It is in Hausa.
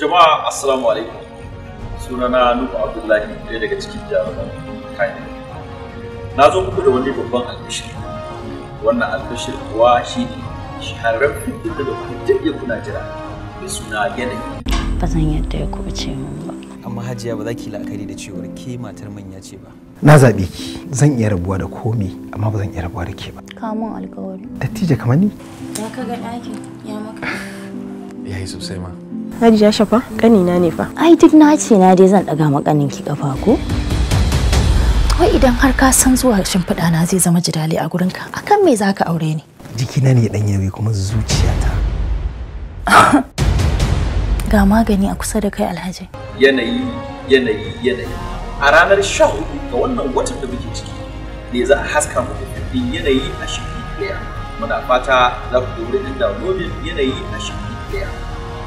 jama'a assalamu alaikum sunana nufa abdullahi ɗaya daga cikin jaruman kayan na zo muku da wani babban albishir wannan albishir kuwa shi ne shahararren fitin da kuma jirgin kuna jira da suna yanayi ba zan yadda ya ce min ba amma hajiya ba za ki la'akari da cewar ke matar manya ce ba na zaɓe ki zan iya rabuwa da komi amma ba zan iya rabuwa da ke ba kamun alkawari dattijo kamar ni ya ka ga ɗakin ya sosai ma Hadija Shafa kanina ne fa ai duk na ce na dai zan daga maƙanin ki kafa ko wai idan har ka san zuwa shimfiɗa na zai zama jidali a gurin ka akan me zaka aure ni jikina ne dan yawi kuma zuciyata ga magani a kusa da kai alhaji yanayi yanayi yanayi a ranar sha hudu ga wannan watan da muke ciki ne za a haska muku ɗin yanayi a shiri ɗaya muna fata za ku da wurin downloading yanayi a shiri ɗaya